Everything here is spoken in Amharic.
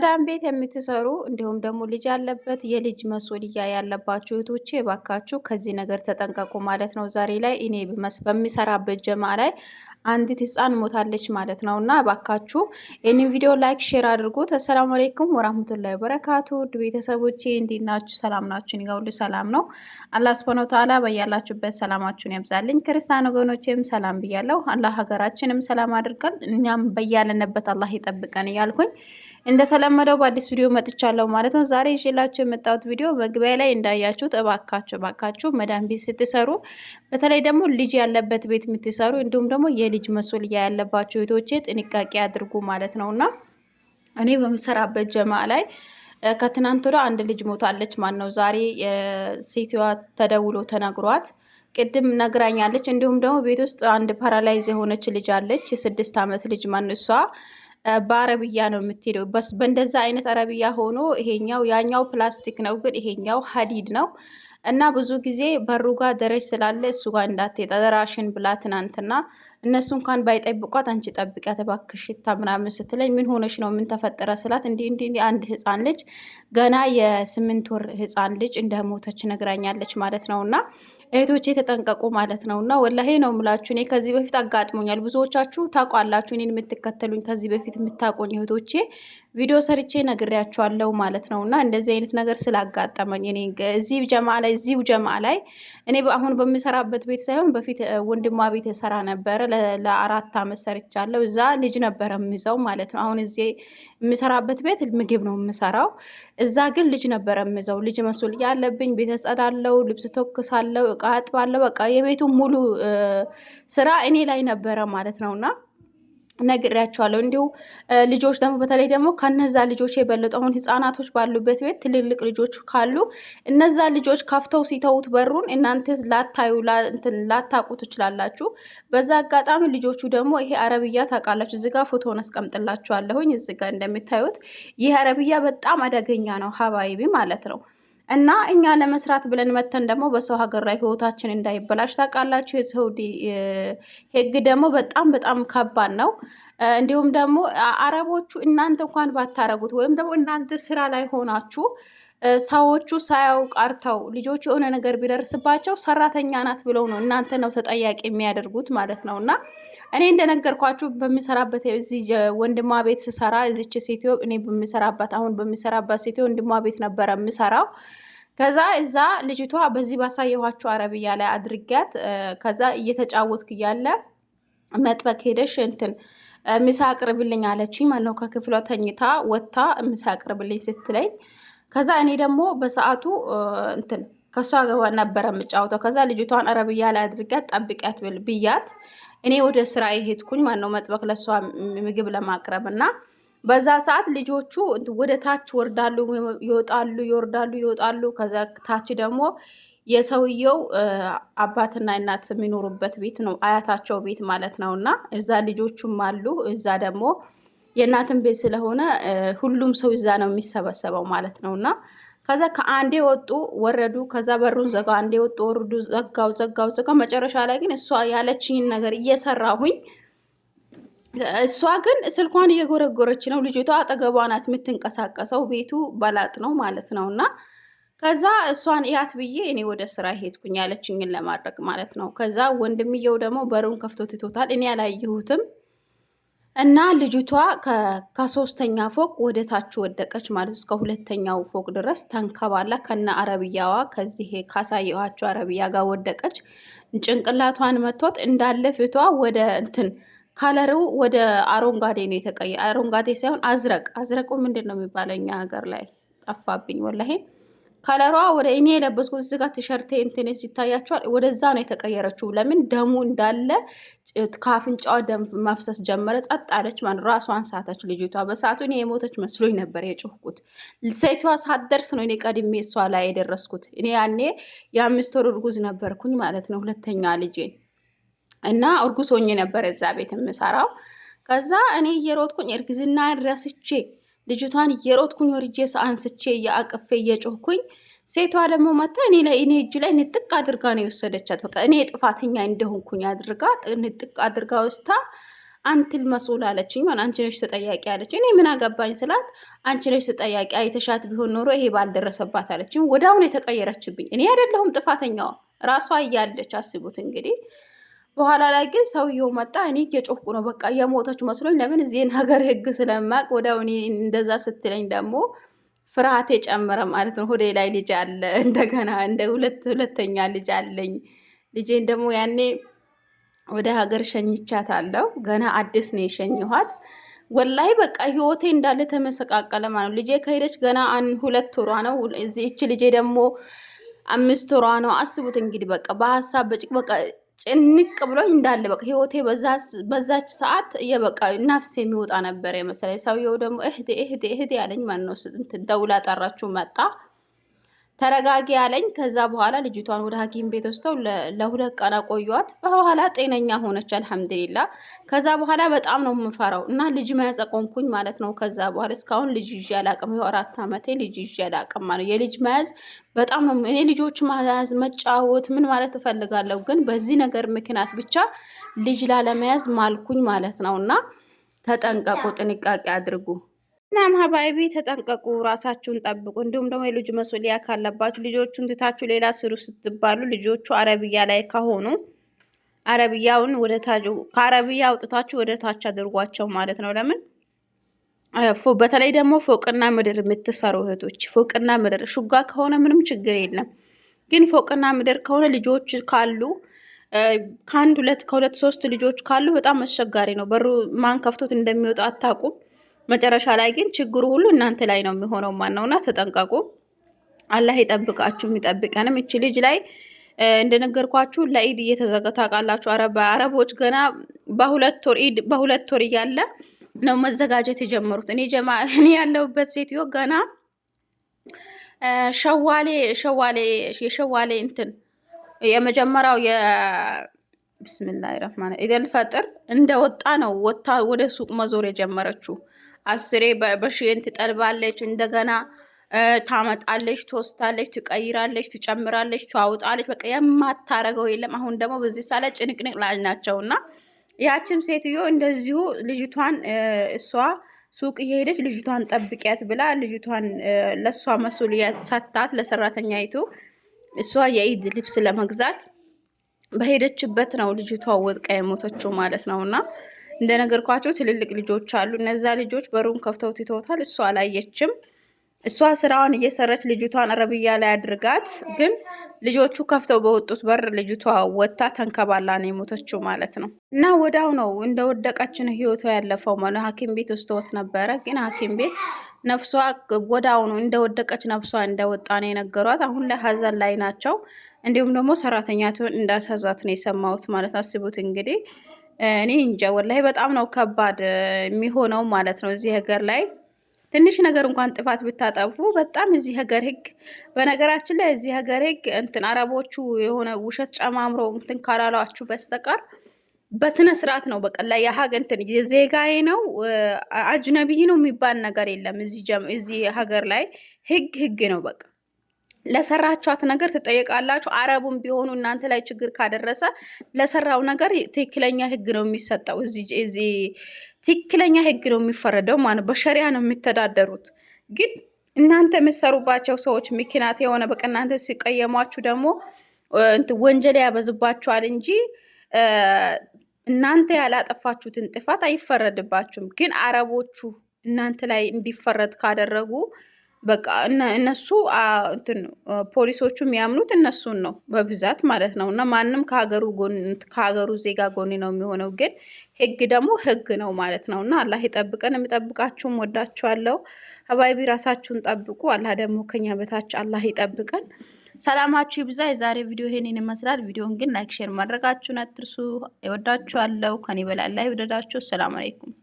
መዳም ቤት የምትሰሩ እንዲሁም ደግሞ ልጅ ያለበት የልጅ መሶልያ ያለባችሁ እህቶቼ እባካችሁ ከዚህ ነገር ተጠንቀቁ ማለት ነው። ዛሬ ላይ እኔ በሚሰራበት ጀማ ላይ አንዲት ህፃን ሞታለች ማለት ነው። እና ባካችሁ ይህንን ቪዲዮ ላይክ፣ ሼር አድርጉት። አሰላሙ አሌይኩም ወራህመቱላሂ ወበረካቱ ውድ ቤተሰቦቼ እንዴት ናችሁ? ሰላም ናችሁን? ይገውል ሰላም ነው። አላህ ሱብሃነሁ ወተዓላ በያላችሁበት ሰላማችሁን ያብዛልኝ። ክርስቲያን ወገኖቼም ሰላም ብያለሁ። አላህ ሀገራችንም ሰላም አድርገን እኛም በያለንበት አላህ ይጠብቀን እያልኩኝ እንደተለመደው በአዲስ ቪዲዮ መጥቻለሁ ማለት ነው። ዛሬ ይዤላችሁ የመጣሁት ቪዲዮ መግቢያ ላይ እንዳያችሁት እባካችሁ እባካችሁ መዳን ቤት ስትሰሩ፣ በተለይ ደግሞ ልጅ ያለበት ቤት የምትሰሩ እንዲሁም ደግሞ የልጅ መሱልያ ያለባቸው ቤቶቼ ጥንቃቄ አድርጉ ማለት ነው እና እኔ በምሰራበት ጀማ ላይ ከትናንት ወደ አንድ ልጅ ሞታለች። ማን ነው ዛሬ ሴትዮዋ ተደውሎ ተነግሯት ቅድም ነግራኛለች። እንዲሁም ደግሞ ቤት ውስጥ አንድ ፓራላይዝ የሆነች ልጅ አለች። የስድስት ዓመት ልጅ ማን እሷ በአረብያ ነው የምትሄደው። በእንደዛ አይነት አረብያ ሆኖ ይሄኛው ያኛው ፕላስቲክ ነው፣ ግን ይሄኛው ሀዲድ ነው እና ብዙ ጊዜ በሩ ጋር ደረጅ ስላለ እሱ ጋር እንዳትሄድ ተደራሽን ብላ ትናንትና እነሱ እንኳን ባይጠብቋት አንቺ ጠብቂያት እባክሽ ሽታ ምናምን ስትለኝ ምን ሆነሽ ነው ምን ተፈጠረ ስላት እንዲህ እንዲህ አንድ ህፃን ልጅ ገና የስምንት ወር ህፃን ልጅ እንደሞተች ነግራኛለች ማለት ነው እና እህቶቼ ተጠንቀቁ ማለት ነው። እና ወላሄ ነው የምላችሁ። እኔ ከዚህ በፊት አጋጥሞኛል። ብዙዎቻችሁ ታውቋላችሁ፣ እኔን የምትከተሉኝ ከዚህ በፊት የምታውቁኝ እህቶቼ ቪዲዮ ሰርቼ ነግሬያችኋለሁ ማለት ነው። እና እንደዚህ አይነት ነገር ስላጋጠመኝ እኔ እዚህ ጀማ ላይ እዚሁ ጀማ ላይ እኔ አሁን በምሰራበት ቤት ሳይሆን በፊት ወንድማ ቤት የሰራ ነበረ። ለአራት አመት ሰርቻለሁ። እዛ ልጅ ነበረ የምይዘው ማለት ነው። አሁን እዚህ የምሰራበት ቤት ምግብ ነው የምሰራው። እዛ ግን ልጅ ነበረ የምይዘው። ልጅ መስል ያለብኝ ቤተጸዳለው፣ ልብስ ተኩሳለሁ በቃ አጥባለሁ፣ በቃ የቤቱ ሙሉ ስራ እኔ ላይ ነበረ ማለት ነው እና ነግሬያቸዋለሁ። እንዲሁ ልጆች ደግሞ በተለይ ደግሞ ከነዛ ልጆች የበለጡ አሁን ህጻናቶች ባሉበት ቤት ትልልቅ ልጆች ካሉ እነዛ ልጆች ከፍተው ሲተውት በሩን እናንተ ላታዩ ላታቁ ትችላላችሁ። በዛ አጋጣሚ ልጆቹ ደግሞ ይሄ አረብያ ታውቃላችሁ፣ እዚጋ ፎቶን አስቀምጥላችኋለሁኝ። እዚጋ እንደምታዩት ይህ አረብያ በጣም አደገኛ ነው፣ ሀባይቢ ማለት ነው። እና እኛ ለመስራት ብለን መተን ደግሞ በሰው ሀገር ላይ ህይወታችን እንዳይበላሽ ታውቃላችሁ። የሰውዲ ህግ ደግሞ በጣም በጣም ከባድ ነው። እንዲሁም ደግሞ አረቦቹ እናንተ እንኳን ባታረጉት ወይም ደግሞ እናንተ ስራ ላይ ሆናችሁ ሰዎቹ ሳያውቅ አርተው ልጆቹ የሆነ ነገር ቢደርስባቸው ሰራተኛ ናት ብለው ነው እናንተ ነው ተጠያቂ የሚያደርጉት ማለት ነው። እና እኔ እንደነገርኳችሁ በሚሰራበት እዚህ ወንድሟ ቤት ስሰራ እዚች ሴትዮ እኔ በሚሰራበት አሁን በሚሰራበት ሴትዮ ወንድሟ ቤት ነበረ የምሰራው። ከዛ እዛ ልጅቷ በዚህ ባሳየኋችሁ አረብያ ላይ አድርጊያት። ከዛ እየተጫወትክ እያለ መጥበቅ ሄደሽ እንትን ምሳ አቅርብልኝ አለችኝ ማለት ነው። ከክፍሏ ተኝታ ወጥታ ምሳ አቅርብልኝ ስትለኝ ከዛ እኔ ደግሞ በሰዓቱ እንትን ከእሷ ነበረ የምጫወተው። ከዛ ልጅቷን ረብያ ላይ አድርጋት ጠብቂያት ብያት እኔ ወደ ስራ የሄድኩኝ ማነው መጥበቅ ለእሷ ምግብ ለማቅረብ እና በዛ ሰዓት ልጆቹ ወደ ታች ወርዳሉ፣ ይወጣሉ፣ ይወርዳሉ፣ ይወጣሉ። ከዛ ታች ደግሞ የሰውየው አባትና እናት የሚኖሩበት ቤት ነው፣ አያታቸው ቤት ማለት ነው። እና እዛ ልጆቹም አሉ እዛ ደግሞ የእናትን ቤት ስለሆነ ሁሉም ሰው እዛ ነው የሚሰበሰበው ማለት ነው። እና ከዛ ከአንዴ ወጡ ወረዱ፣ ከዛ በሩን ዘጋ፣ አንዴ ወጡ ወረዱ፣ ዘጋው ዘጋው ዘጋ። መጨረሻ ላይ ግን እሷ ያለችኝን ነገር እየሰራሁኝ እሷ ግን ስልኳን እየጎረጎረች ነው። ልጅቷ አጠገቧ ናት የምትንቀሳቀሰው። ቤቱ በላጥ ነው ማለት ነው እና ከዛ እሷን እያት ብዬ እኔ ወደ ስራ ሄድኩኝ ያለችኝን ለማድረግ ማለት ነው። ከዛ ወንድምየው ደግሞ በሩን ከፍቶ ትቶታል። እኔ አላየሁትም። እና ልጅቷ ከሶስተኛ ፎቅ ወደ ታች ወደቀች ማለት እስከ ሁለተኛው ፎቅ ድረስ ተንከባላ ከነ አረብያዋ ከዚህ ካሳየኋቸው አረብያ ጋር ወደቀች። ጭንቅላቷን መቶት እንዳለ ፊቷ ወደ እንትን ከለሩ ወደ አረንጓዴ ነው የተቀየ። አረንጓዴ ሳይሆን አዝረቅ አዝረቁ ምንድን ነው የሚባለው እኛ ሀገር ላይ ጠፋብኝ ወላሄ። ከለሯ ወደ እኔ የለበስኩት እዚህ ጋር ቲሸርቴ እንትን ይታያቸዋል። ወደዛ ነው የተቀየረችው። ለምን ደሙ እንዳለ ከአፍንጫዋ ደም መፍሰስ ጀመረ። ጸጥ አለች። ማን ራሷን ሳተች ልጅቷ። በሰዓቱ እኔ የሞተች መስሎኝ ነበር የጮህኩት። ሴቷ ሳትደርስ ነው እኔ ቀድሜ እሷ ላይ የደረስኩት። እኔ ያኔ የአምስት ወር እርጉዝ ነበርኩኝ ማለት ነው፣ ሁለተኛ ልጄን እና እርጉዝ ሆኜ ነበር እዛ ቤት የምሰራው። ከዛ እኔ እየሮጥኩኝ እርግዝና ረስቼ ልጅቷን እየሮጥኩኝ ወርጄ አንስቼ እያአቅፌ እየጮኩኝ ሴቷ ደግሞ መታ እኔ ላይ እኔ እጅ ላይ ንጥቅ አድርጋ ነው የወሰደቻት። በቃ እኔ ጥፋተኛ እንደሆንኩኝ አድርጋ ንጥቅ አድርጋ ውስታ አንትል መስል አለችኝ። ማለት አንቺ ነሽ ተጠያቂ አለች። እኔ ምን አገባኝ ስላት አንቺ ነሽ ተጠያቂ፣ አይተሻት ቢሆን ኖሮ ይሄ ባልደረሰባት አለችኝ። ወደ አሁን የተቀየረችብኝ እኔ አይደለሁም ጥፋተኛዋ ራሷ እያለች አስቡት እንግዲህ በኋላ ላይ ግን ሰውየው መጣ። እኔ እየጮኩ ነው በቃ እየሞተች መስሎኝ። ለምን እዚህን ሀገር ህግ ስለማቅ ወደ እኔ እንደዛ ስትለኝ ደግሞ ፍርሃት የጨመረ ማለት ነው። ሆዴ ላይ ልጅ አለ እንደገና እንደ ሁለት ሁለተኛ ልጅ አለኝ። ልጄን ደግሞ ያኔ ወደ ሀገር ሸኝቻት አለው። ገና አዲስ ነው የሸኝኋት። ወላይ በቃ ህይወቴ እንዳለ ተመሰቃቀለ ማለት ነው። ልጄ ከሄደች ገና ሁለት ወሯ ነው። እዚህች ልጄ ደግሞ አምስት ወሯ ነው። አስቡት እንግዲህ በቃ በሀሳብ በጭቅ በቃ ጭንቅ ብሎኝ እንዳለ በቃ ህይወቴ በዛች ሰዓት የበቃ ነፍስ የሚወጣ ነበር የመሰለኝ። ሰውየው ደግሞ እህቴ እህቴ እህቴ ያለኝ ማን ደውላ ጠራችሁ መጣ ተረጋጊ ያለኝ። ከዛ በኋላ ልጅቷን ወደ ሐኪም ቤት ወስደው ለሁለት ቀን አቆዩዋት። በኋላ ጤነኛ ሆነች አልሐምድሊላ። ከዛ በኋላ በጣም ነው የምፈራው እና ልጅ መያዝ አቆምኩኝ ማለት ነው። ከዛ በኋላ እስካሁን ልጅ ይዤ አላቅም። አራት ዓመቴ ልጅ ይዤ አላቅም ማለት ነው። የልጅ መያዝ በጣም ነው እኔ ልጆች መያዝ መጫወት ምን ማለት እፈልጋለሁ፣ ግን በዚህ ነገር ምክንያት ብቻ ልጅ ላለመያዝ ማልኩኝ ማለት ነው። እና ተጠንቀቁ፣ ጥንቃቄ አድርጉ። እናም ሀባይቢ ተጠንቀቁ፣ ራሳችሁን ጠብቁ። እንዲሁም ደግሞ የልጁ መሶሊያ ካለባችሁ ልጆቹን ትታችሁ ሌላ ስሩ ስትባሉ ልጆቹ አረብያ ላይ ከሆኑ አረብያውን ከአረብያ አውጥታችሁ ወደ ታች አድርጓቸው ማለት ነው። ለምን በተለይ ደግሞ ፎቅና ምድር የምትሰሩ እህቶች ፎቅና ምድር ሹጋ ከሆነ ምንም ችግር የለም። ግን ፎቅና ምድር ከሆነ ልጆች ካሉ ከአንድ ሁለት ከሁለት ሶስት ልጆች ካሉ በጣም አስቸጋሪ ነው። በሩ ማን ከፍቶት እንደሚወጣ አታውቁም። መጨረሻ ላይ ግን ችግሩ ሁሉ እናንተ ላይ ነው የሚሆነው ነውና ተጠንቀቁ። አላህ ይጠብቃችሁ፣ የሚጠብቀንም እች ልጅ ላይ እንደነገርኳችሁ ለኢድ እየተዘጋታቃላችሁ አረቦች ገና በሁለት ወር ኢድ በሁለት ወር እያለ ነው መዘጋጀት የጀመሩት። እኔ ጀማ እኔ ያለሁበት ሴትዮ ገና ሸዋሌ ሸዋሌ የሸዋሌ እንትን የመጀመሪያው የብስሚላሂ ረህማን ኢደል ፈጥር እንደወጣ ነው ወታ ወደ ሱቅ መዞር የጀመረችው። አስሬ በሽን ትጠልባለች፣ እንደገና ታመጣለች፣ ትወስታለች፣ ትቀይራለች፣ ትጨምራለች፣ ትዋውጣለች። በቃ የማታረገው የለም። አሁን ደግሞ በዚህ ሳለ ጭንቅንቅ ላይ ናቸው እና ያችም ሴትዮ እንደዚሁ ልጅቷን እሷ ሱቅ እየሄደች ልጅቷን ጠብቂያት ብላ ልጅቷን ለእሷ መስሉያት ሰታት ለሰራተኛይቱ እሷ የኢድ ልብስ ለመግዛት በሄደችበት ነው ልጅቷ ወድቃ የሞተችው ማለት ነው እና እንደነገርኳቸው ትልልቅ ልጆች አሉ። እነዛ ልጆች በሩን ከፍተው ትተውታል። እሷ አላየችም። እሷ ስራዋን እየሰረች ልጅቷን ረብያ ላይ አድርጋት፣ ግን ልጆቹ ከፍተው በወጡት በር ልጅቷ ወጥታ ተንከባላ ነው የሞተችው ማለት ነው። እና ወዳው ነው እንደ ወደቀችን ህይወቷ ያለፈው ማለት ሐኪም ቤት ወስደውት ነበረ። ግን ሐኪም ቤት ነፍሷ ወዳው ነው እንደ ወደቀች ነፍሷ እንደወጣ ነው የነገሯት። አሁን ላይ ሀዘን ላይ ናቸው። እንዲሁም ደግሞ ሰራተኛቱን እንዳሳዟት ነው የሰማሁት ማለት አስቡት እንግዲህ እኔ እንጃ ወላሂ በጣም ነው ከባድ የሚሆነው ማለት ነው እዚህ ሀገር ላይ ትንሽ ነገር እንኳን ጥፋት ብታጠፉ በጣም እዚህ ሀገር ህግ፣ በነገራችን ላይ እዚህ ሀገር ህግ እንትን አረቦቹ የሆነ ውሸት ጨማምሮ እንትን ካላሏችሁ በስተቀር በስነ ስርዓት ነው በቀላ የሀገ እንትን የዜጋዬ ነው አጅነቢይ ነው የሚባል ነገር የለም። እዚህ ሀገር ላይ ህግ ህግ ነው በቃ። ለሰራችኋት ነገር ትጠየቃላችሁ። አረቡም ቢሆኑ እናንተ ላይ ችግር ካደረሰ ለሰራው ነገር ትክክለኛ ህግ ነው የሚሰጠው። እዚህ ትክክለኛ ህግ ነው የሚፈረደው ማለት በሸሪያ ነው የሚተዳደሩት። ግን እናንተ የምትሰሩባቸው ሰዎች ምክንያት የሆነ በቃ እናንተ ሲቀየሟችሁ ደግሞ ወንጀል ያበዝባችኋል እንጂ እናንተ ያላጠፋችሁትን ጥፋት አይፈረድባችሁም። ግን አረቦቹ እናንተ ላይ እንዲፈረድ ካደረጉ በቃ እነሱ ፖሊሶቹ የሚያምኑት እነሱን ነው በብዛት ማለት ነው። እና ማንም ከሀገሩ ከሀገሩ ዜጋ ጎን ነው የሚሆነው፣ ግን ህግ ደግሞ ህግ ነው ማለት ነው። እና አላህ ይጠብቀን። የሚጠብቃችሁም ወዳችኋለሁ። አባይቢ ራሳችሁን ጠብቁ። አላህ ደግሞ ከኛ በታች አላህ ይጠብቀን። ሰላማችሁ ይብዛ። የዛሬ ቪዲዮ ይሄንን ይመስላል። ቪዲዮን ግን ላይክ፣ ሼር ማድረጋችሁን አትርሱ። ይወዳችኋለሁ። ከኔ በላይ አላህ ይውደዳችሁ። ሰላም አለይኩም